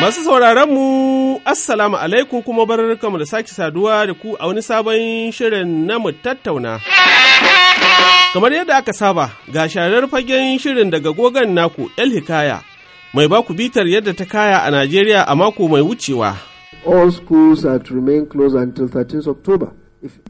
Masu sauraron mu Assalamu alaikum kuma barkamu da sake saduwa da ku a wani sabon shirin na mu tattauna. Kamar yadda aka saba, ga sharar fagen shirin daga gogan naku El Hikaya, mai baku bitar yadda ta kaya a Najeriya a mako mai wucewa. All schools are to remain closed until 13 October.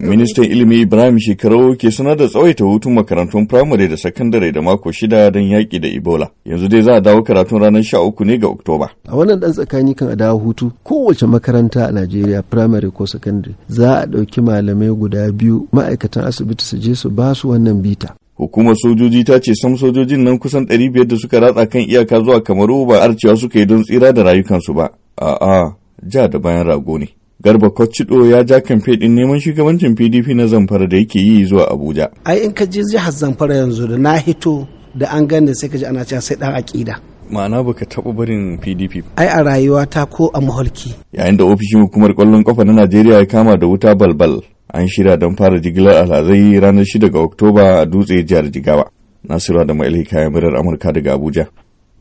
Ministan ilimi Ibrahim Shekarau ke sanar da tsawaita hutun makarantun firamare da sakandare da mako shida don yaƙi da Ebola. Yanzu dai za a dawo karatun ranar sha uku ne ga Oktoba. A wannan ɗan tsakani kan a dawo hutu kowace makaranta a Najeriya firamare ko sakandare za a ɗauki malamai guda biyu ma'aikatan asibiti su je su ba su wannan bita. hukumar sojoji ta ce sam sojojin nan kusan ɗari biyar da suka ratsa kan iyaka zuwa kamaru ba arcewa suka yi don tsira da rayukansu ba a'a ja da bayan rago ne Garba Kwacido ya ja kamfe din neman shugabancin PDP na Zamfara da yake yi zuwa Abuja. Ai in ka je jihar Zamfara yanzu da na hito da an gane sai ka ji ana cewa sai dan aƙida. ma'ana baka taɓa barin pdp ai a rayuwa ta ko a maholki yayin da ofishin hukumar kwallon kafa na najeriya ya kama da wuta balbal an shirya don fara jigilar alhazai ranar 6 ga oktoba a dutse jihar jigawa nasiru da ma'ilika kayan murar amurka daga abuja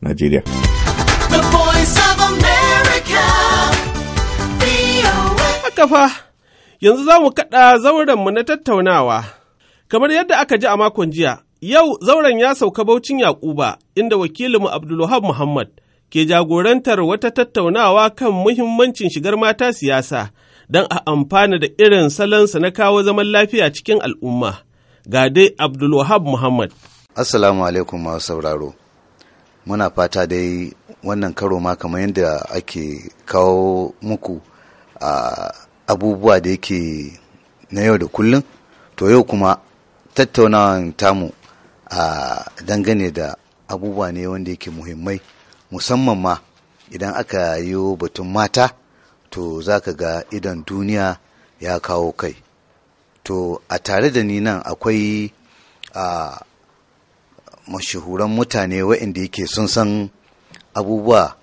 najeriya Haka fa, yanzu za mu kaɗa zaurenmu na tattaunawa. Kamar yadda aka ji a makon jiya, yau zauren ya sauka Baucin Yakuba, inda wakilinmu Abdulwahab Muhammad ke jagorantar wata tattaunawa kan muhimmancin shigar mata siyasa don a amfana da irin salansa na kawo zaman lafiya cikin al'umma. Ga dai Abdulwahab Muhammad. Assalamu alaikum masu sauraro. Muna fata dai wannan karo ma kamar yadda ake kawo muku a ah, abubuwa da yake na yau da kullum to yau kuma tattaunawan tamu a dangane da abubuwa ne wanda yake muhimmai musamman ma idan aka yi batun mata to za ka ga idan duniya ya kawo kai to a tare da ni nan akwai a mashahuran mutane waɗanda yake sun san abubuwa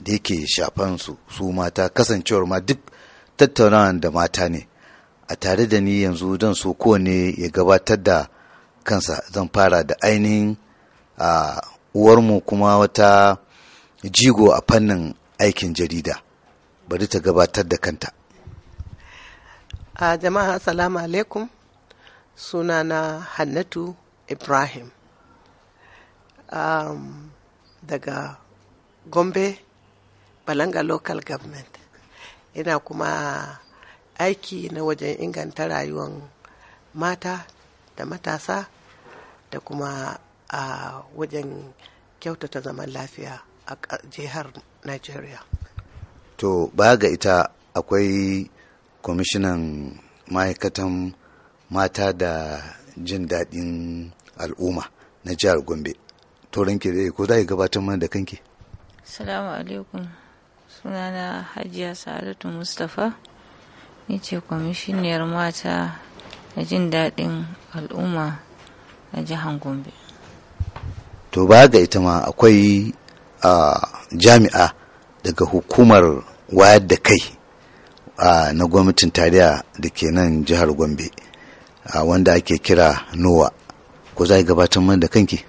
da yake shafan su mata kasancewar ma duk tattaunawa da mata ne a tare da ni yanzu don so kowane ya gabatar da kansa zan fara da ainihin a uwarmu kuma wata jigo a fannin aikin jarida bari ta gabatar da kanta a jama'a assalamu alaikum sunana hannatu ibrahim um, daga gombe balanga local government ina kuma aiki na wajen inganta rayuwar mata da matasa da kuma a wajen kyautata zaman lafiya a jihar Najeriya. To ba ga ita akwai kwamishinan ma'aikatan mata da jin daɗin al'umma na jihar Gombe. Turanki ko za ki gabatar mana da kanki? Salamu alaikum. sunana hajiya sa'adatu mustapha ni ce kwamishiniyar mata da jin daɗin al'umma a jihar gombe to ba ga ita ma akwai jami'a daga hukumar wayar da kai na gwamnatin tarayya da ke nan jihar gombe wanda ake kira nowa ko za gabatar da kanki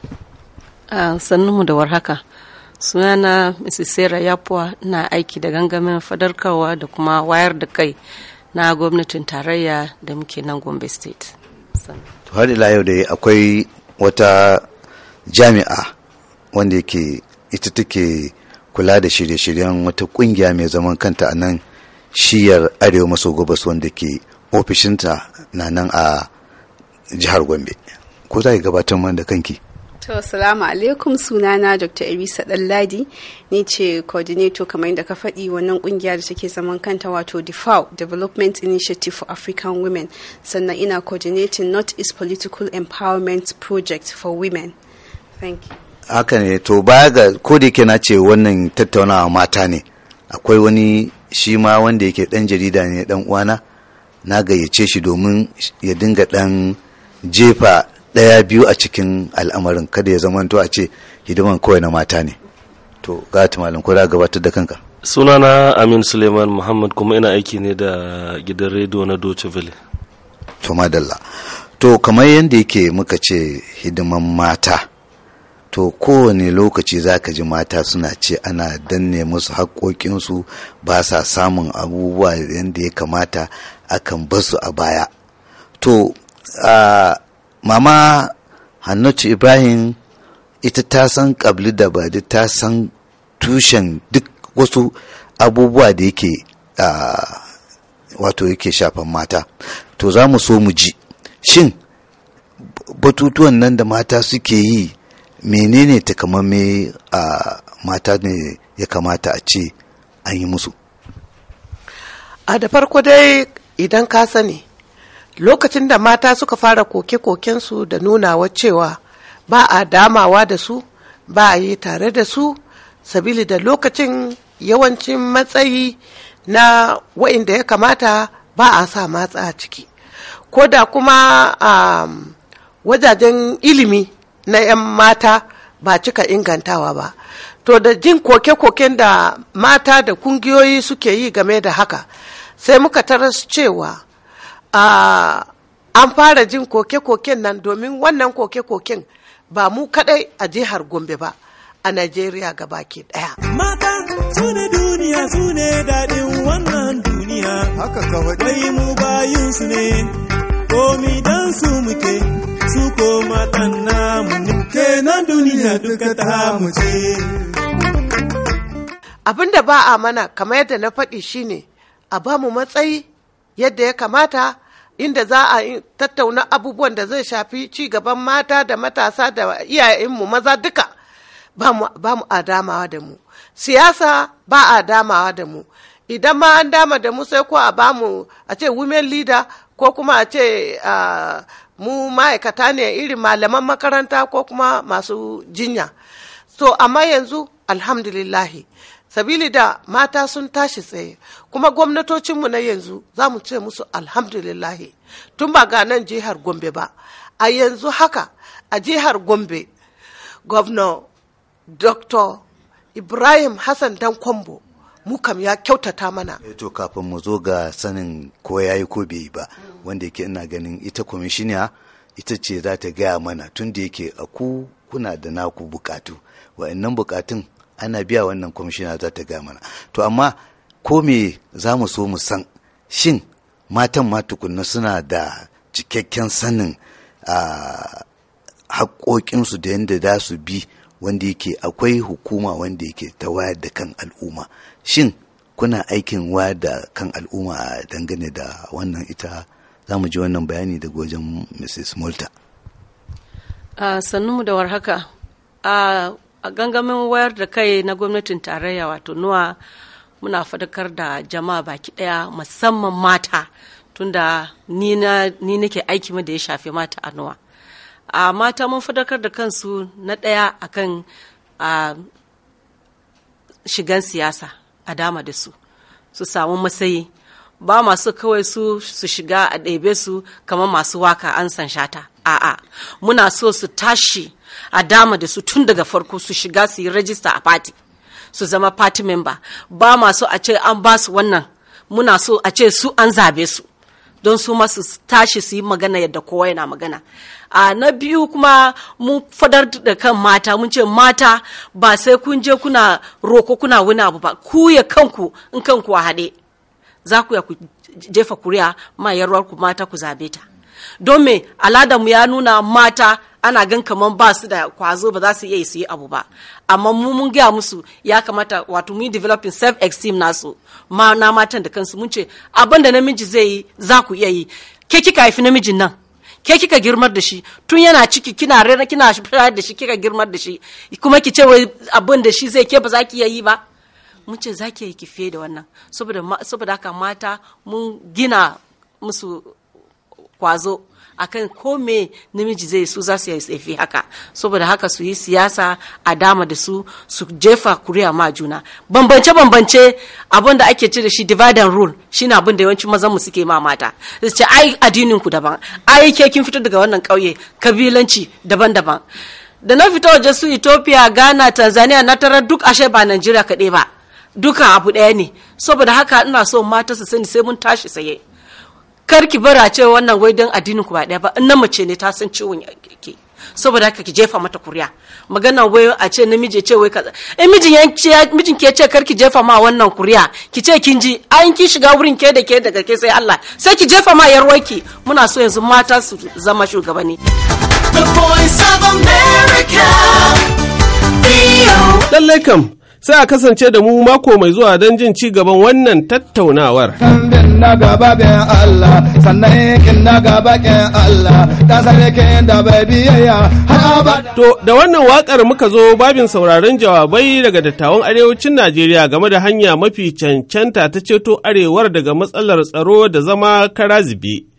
sannu mu da warhaka haka sunana mrs sarah yapuwa na aiki da gangamin fadarkarwa da kuma wayar da kai na gwamnatin tarayya da muke nan gombe state har ila yau da akwai wata jami'a wanda yake ita take kula da shirye-shiryen wata kungiya mai zaman kanta a nan shiyar arewa maso gabas wanda ke ofishinta na nan a jihar gombe ko za ki gabatar da kanki To, salamu alaikum sunana Dr. Elisa danladi ni ce coordinator kamar yadda ka faɗi wannan ƙungiya da take zaman kanta wato dfao Development Initiative for African Women sannan ina coordinating North East Political Empowerment Project for Women. Thank you. Haka ne, to baya ga kodai ke na ce wannan tattaunawa mata ne, akwai wani shi ma wanda yake ɗan jarida ne ɗan uwana na gayyace shi domin ya dinga ɗan jefa ɗaya biyu a cikin al'amarin kada ya zamanto a ce hidiman kawai na mata ne to ga malam ko da gabatar da kanka sunana amin suleiman muhammad kuma ina aiki ne da gidan rediyo na doce valley to madalla to kamar yadda yake muka ce hidiman mata to kowane lokaci za ka ji mata suna ce ana danne musu haƙoƙinsu ba sa samun abubuwa yadda ya kamata akan basu a baya to mama hannatu ibrahim ita ta san kabli da badi ta san tushen duk wasu abubuwa da yake wato yake shafan mata to za mu so mu ji shin batutuwan nan da mata suke yi menene me a mata ne ya kamata a ce an yi musu a da farko dai idan ka sani lokacin da mata suka fara koke-kokensu da nunawa cewa ba a damawa da su ba a yi tare da su sabili da lokacin yawancin matsayi na wa'inda ya kamata ba a sa matsa a ciki ko da kuma a um, wajajen ilimi na 'yan mata ba cika ingantawa ba to da jin koke-koken da mata da kungiyoyi suke yi game da haka sai muka taras cewa an fara jin koke-koken nan domin wannan koke-koken ba mu kadai a jihar Gombe ba a Najeriya baki daya. Mata su ne duniya su ne daɗin wannan duniya. Haka kawai. Wai mu bayin su ne, komi dan su muke, su ko matan namu. Kenan duniya duka ta mu ce. Abin da ba a mana kamar yadda na faɗi shine a ba mu matsayi yadda ya kamata inda za a tattauna abubuwan da zai shafi ci gaban mata da matasa da iyayenmu maza duka ba mu a damawa da mu siyasa ba a damawa da mu idan ma an dama da mu sai ko a mu a ce women leader ko kuma a ce mu ma'aikata ne irin malaman makaranta ko kuma masu jinya so amma yanzu alhamdulillahi sabili da mata sun tashi tsaye kuma gwamnatocinmu na yanzu za mu ce musu alhamdulillah tun ba ga nan jihar gombe ba a yanzu haka a jihar gombe gwamna dr ibrahim hassan dan kwambo mu ya kyautata mana eh to kafin mu zo ga sanin ko yi ko bai ba wanda yake ina ganin ita kwamishiniya ita ce za ta gaya mana tun da yake a ku kuna da naku bukatu wa'annan bukatun ana biya wannan kwamishina za ta ga mana to amma ko me za mu so mu san shin matan ma tukunna suna da cikakken sanin a haƙoƙinsu da yadda za su bi wanda yake akwai hukuma wanda yake ta wayar da kan al'umma shin kuna aikin wayar da kan al'umma a dangane da wannan ita za mu ji wannan bayani daga wajen mrs malta uh, sannu da warhaka uh, a gangamin wayar da kai na gwamnatin tarayya wato nuwa muna fadakar da jama'a baki daya musamman mata tunda ni nake aiki da ya shafi mata a nuwa a mata mun fadakar da kansu na daya akan a shigan siyasa a dama da su su samu masayi ba masu kawai su su shiga a ɗebe su kamar masu waka an san shata a'a muna so su tashi a dama da su tun daga farko su shiga su yi rajista a fati su zama fati memba ba ma a ce an ba su wannan muna so a ce su an zabe su don su masu tashi su yi magana yadda kowa yana magana a na biyu kuma mu fadar da kan mata mun ce mata ba sai kun je kuna roko kuna wani abu ba ku ya kanku in kanku a haɗe za ku ya ku jefa kuri'a ma yarwar ku mata ku zabe ta domin me aladarmu ya nuna mata ana gan kamar ba su da kwazo ba za su iya su yi abu ba amma mu mun gaya musu ya kamata wato mu developing self esteem nasu ma na matan da kansu mun ce abin da namiji zai yi za ku iya yi ke kika haifi namijin nan ke kika girmar da shi tun yana ciki kina rera kina shayar da shi kika girmar da shi kuma ki ce wai abin da shi zai ke ba za ki iya yi ba mun ce za ki yi ki fiye da wannan saboda haka mata mun gina musu kwazo akan ko me namiji zai su za su yi haka saboda haka su yi siyasa a dama da su su jefa kuriya ma juna bambance bambance abin da ake ce da shi divide and rule shine abin da yawanci mazan mu suke ma mata su ce ai addinin ku daban ai ke kin fito daga wannan kauye kabilanci daban-daban da na fito waje su Ethiopia Ghana Tanzania na tarar duk ashe ba nigeria kaɗai ba duka abu ɗaya ne saboda haka ina so mata su sani sai mun tashi saye kar ki bara ce wannan wai don addinin ku ba ɗaya ba na mace ne ta san ciwon ke saboda haka ki jefa mata kuriya magana wai a ce namiji ce wai kaza in eh, mijin ya mijin ke ce kar ki jefa ma wannan kuriya ki ce kin ji an ki shiga wurin ke da ke daga ke sai Allah sai ki jefa ma ki muna so yanzu mata su zama shugabanni The Lallai kam sai a kasance da mu mako mai zuwa don jin ci gaban wannan tattaunawar. Kambin na gaba Allah, sannan yakin na gaba Allah, ta da bai biyayya har To, da wannan waƙar muka zo babin sauraron jawabai daga dattawan arewacin Najeriya game da hanya mafi cancanta ta ceto arewar daga matsalar tsaro da zama karazibi.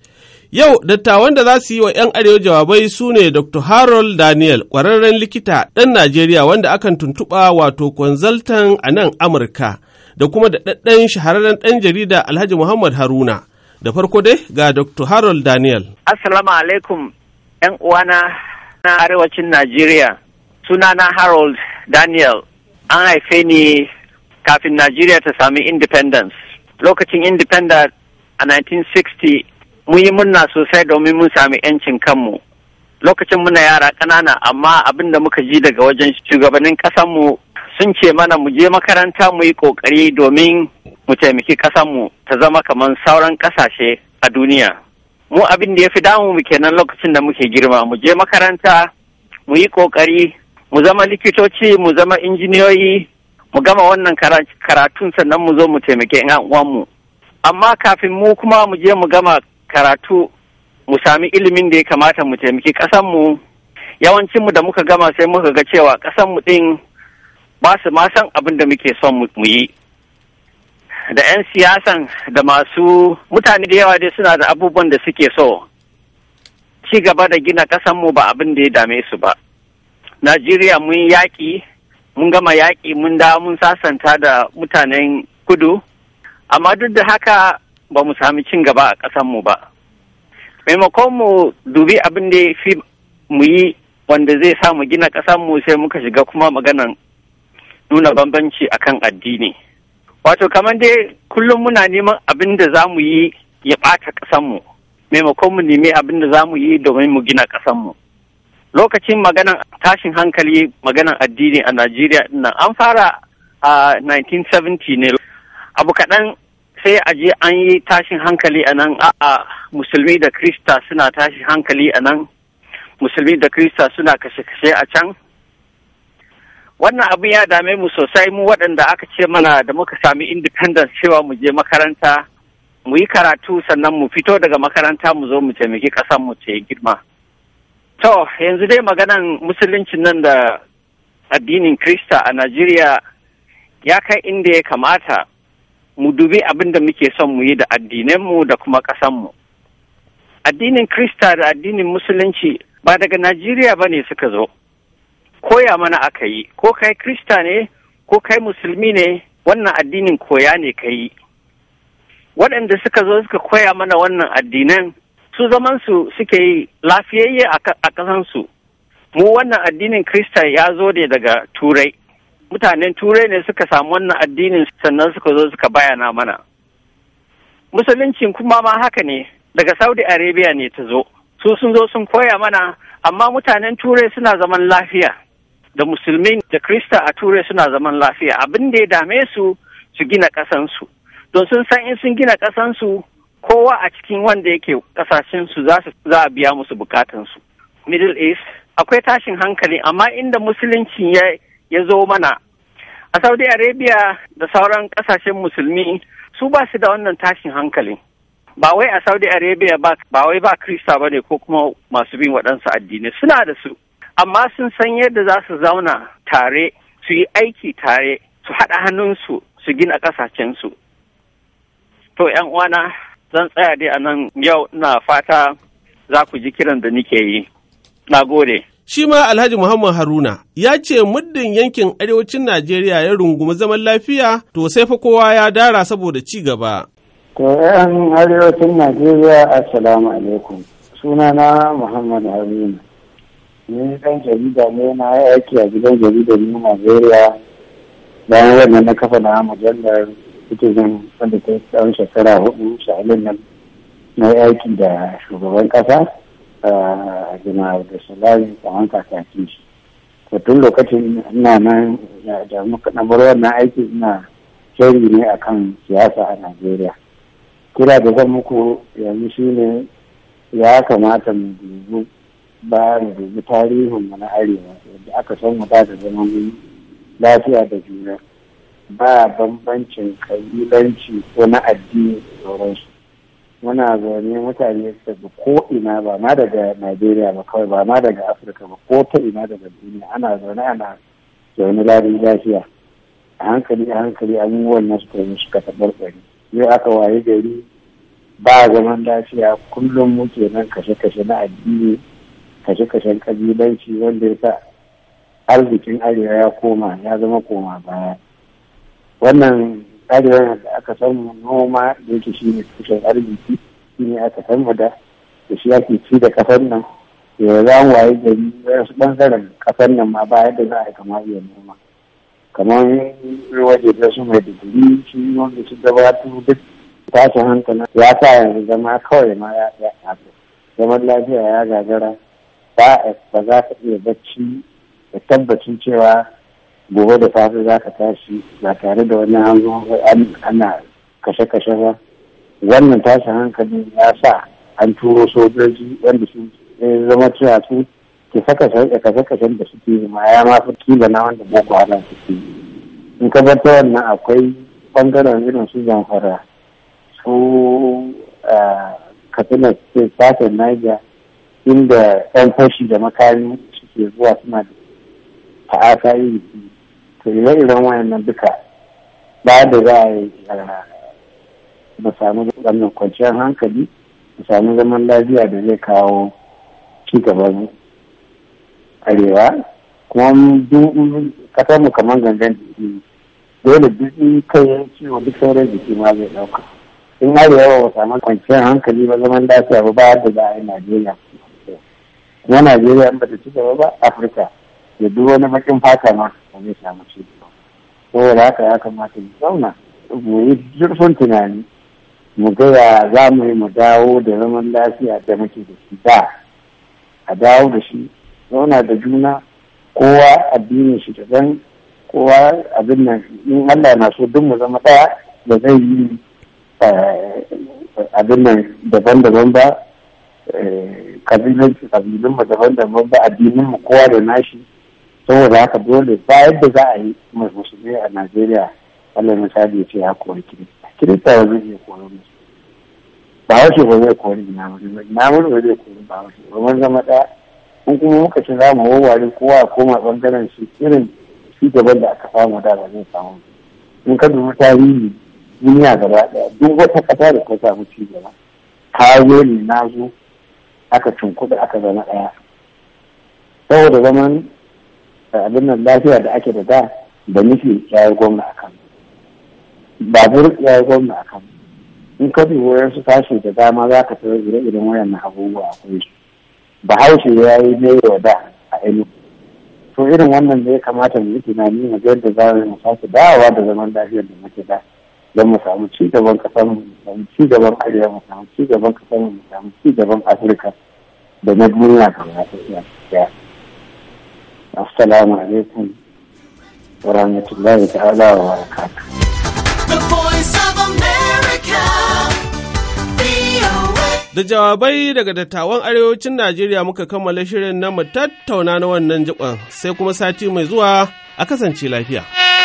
Yau dattawan da za su yi wa 'yan arewa jawabai su ne Dr. Harold Daniel, ƙwararren likita ɗan Najeriya wanda akan tuntuɓa wato consultant a nan Amurka, da kuma da ɗaɗɗan shahararren ɗan jarida Alhaji Muhammad Haruna. Da farko dai ga Dr. Harold Daniel. Assalamu alaikum, 'yan uwana na arewacin Najeriya. Sunana Harold Daniel, an haife ni kafin Najeriya ta sami independence. Lokacin independence a 1960 mun yi murna sosai domin mun sami 'yancin kanmu lokacin muna yara ƙanana amma abin da muka ji daga wajen shugabannin ƙasanmu sun ce mana mu je makaranta mu yi ƙoƙari domin mu taimaki ƙasanmu ta zama kamar sauran ƙasashe a duniya mu abin da ya fi damu mu kenan lokacin da muke girma mu je makaranta mu yi ƙoƙari mu zama likitoci mu zama injiniyoyi mu gama wannan karatun sannan mu zo mu taimaki 'yan uwanmu amma kafin mu kuma mu je mu gama karatu mu sami ilimin da ya kamata mu taimaki ƙasanmu yawancinmu da muka gama sai muka ga cewa ƙasanmu ɗin ba su ma san abin da muke son mu yi da 'yan siyasan da masu mutane da yawa dai suna da abubuwan da suke so ci gaba da gina ƙasanmu ba abin da ya dame su ba najeriya mun yaƙi mun gama yaƙi mun da mun sasanta da mutanen kudu amma duk da haka ba mu sami cin gaba a ƙasanmu ba maimakon mu dubi abin da fi mu yi wanda zai sa mu gina ƙasanmu sai muka shiga kuma maganan nuna bambanci a kan addini wato kamar dai kullum muna neman abin da za mu yi ya ɓata ƙasanmu maimakon mu nemi abin da za mu yi domin mu gina ƙasanmu lokacin maganan tashin hankali maganan addini a najeriya nan an fara a 1970 ne abu kaɗan sai a je an yi tashin hankali a nan a'a musulmi da krista suna tashin hankali a nan musulmi da krista suna kashe-kashe a can wannan abin ya dame mu sosai mu waɗanda aka ce mana da muka sami independence cewa mu je makaranta mu yi karatu sannan mu fito daga makaranta mu zo mu taimaki ƙasar mu ce girma to yanzu dai maganan musuluncin nan da addinin krista a najeriya ya kai inda ya kamata mu dubi abin da muke son mu yi da addinanmu da kuma ƙasanmu. Addinin Krista da addinin Musulunci ba daga Najeriya ba ne suka zo, koya mana aka yi, ko kai Krista ne, ko kai Musulmi ne, wannan addinin koya ne ka yi. Waɗanda suka zo suka koya mana wannan addinan su zamansu suke yi lafiyayye a ƙasansu. Mu wannan addinin Krista ya zo ne daga Turai. mutanen turai ne suka samu wannan addinin sannan suka zo suka bayana mana Musulunci kuma ma haka ne daga saudi arabia ne ta zo su sun zo sun koya mana amma mutanen turai suna zaman lafiya da musulmi da krista a turai suna zaman lafiya abin da ya dame su su gina ƙasansu don sun san in sun gina ƙasansu kowa a cikin wanda yake su za a biya musu bukatansu middle east akwai tashin hankali amma inda musulunci ya ya zo mana a saudi arabia da sauran kasashen musulmi su ba su da wannan tashin hankali ba wai a saudi arabia ba wai ba krista ba ne ko kuma masu bin waɗansu addinai suna da su amma sun san yadda za su zauna tare su yi aiki tare su haɗa hannunsu su gina ƙasashensu to yan uwana zan tsaya dai a nan yau na fata za ku ji kiran da nike yi na gode Shi ma Alhaji Muhammad Haruna ya ce muddin yankin arewacin Najeriya ya rungumi zaman lafiya to sai fa kowa ya dara saboda ci gaba. To ‘yan arewacin Najeriya Assalamu alaikum. Sunana Muhammad Haruna. Ni ɗan jarida ne na aiki a gidan jaridar Najeriya bayan wannan na kafa na mujallar citizen wanda ta tsawon shekara hudu sha'anin nan na aiki da shugaban ƙasa. Ah, janar da salari tsawon kakakin shi to lokacin ina nan da muka wannan aiki ina shari ne akan siyasa a najeriya kira da zan muku yanzu shine ya kamata mu dubu ba mu dubi tarihin mu na arewa yadda aka san mu da zaman lafiya da juna ba bambancin kabilanci ko na addini da sauransu muna zaune mutane daga ko ina ba ma daga najeriya ba kawai ba ma daga afirka ba ko ta ina daga duniya ana zaune ana zaune ladin lafiya a hankali a hankali abubuwan na suka yi suka tsari yau aka waye gari ba zaman lafiya kullum muke nan kashe-kashe na addini kashe-kashen kabilanci wanda ya sa arzikin arewa ya koma ya zama koma baya wannan tsarin da aka samu noma da yake shi ne tushen arziki shi ne aka samu da da shi ake ci da kasar nan ya za mu waye gari wasu ɓangaren kasar nan ma ba yadda za a yi kama iya noma kamar waje da su mai digiri shi wanda su gabatar duk tashin hankali ya sa yanzu zama kawai ma ya ya zaman lafiya ya gagara ba za ka iya bacci da tabbacin cewa gobe da safe za ka tashi ba tare da wani hanzo ana kashe-kashe ba wannan tashin hankali ya sa an turo sojoji wanda su zama cewa su ke saka kashe da suke yi ma ya mafi kila na wanda boko hana suke yi in ka bar ta wannan akwai bangaren irin su zamfara su katsina suke sashen naija inda yan fashi da makami suke zuwa suna da ta'asa iri to ire-iren wayannan duka ba da za a yi ba samu wannan kwanciyar hankali Ba samu zaman lafiya da zai kawo ci arewa kuma kasar mu kamar gangan jiki dole duk kai ya ciwo duk sauran jiki ma zai dauka in yawa ba samu kwanciyar hankali ba zaman lafiya ba ba da za a yi najeriya kuma najeriya ba ta ci gaba ba afirka da duk wani bakin fata ma ba zai samu ci saboda haka ya kamata mu zauna mu yi zurfin tunani mu gaya za mu yi mu dawo da zaman lafiya da muke da shi da a dawo da shi zauna da juna kowa addinin shi daban kowa abin nan in Allah na so duk mu zama daya da zai yi eh, abin nan daban-daban ba eh, kabilan mu daban-daban ba addinin mu kowa da nashi saboda haka dole ba yadda za a yi musulmi a najeriya wanda misali ya ce ya kori kirista kirista ba zai kori musulmi ba wasu ba zai kori ina wani ba ina wani ba zai kori ba wasu ba mun zama ɗaya in kuma muka ce za mu wawware kowa koma bangaren shi irin shi gaban da aka samu da ba zai samu in ka dubi tarihi duniya gaba ɗaya duk wata kasa da ta samu ci gaba ka zo ne na zo aka cunkuɗa aka zama ɗaya saboda zaman abin nan lafiya da ake da da da nufi ya yi gwamna a kan babur ya yi gwamna a kan in ka dubo su tashi da dama za ka tsaye ire wayan na abubuwa akwai su bahaushe ya yi ne da a ilu to irin wannan da ya kamata mu yi tunani mu ga yadda za mu sake dawowa da zaman lafiyar da muke da don mu samu ci gaban kasar mu samu ci gaban arewa mu samu ci gaban kasar mu samu ci gaban afirka da na duniya kamar ta iya assalamu alaikum wa rahmatullahi ta'ala wa barakatuh Da jawabai daga dattawan arewacin Najeriya muka kammala shirin na mu tattauna na wannan jikon sai kuma sati mai zuwa a kasance lafiya.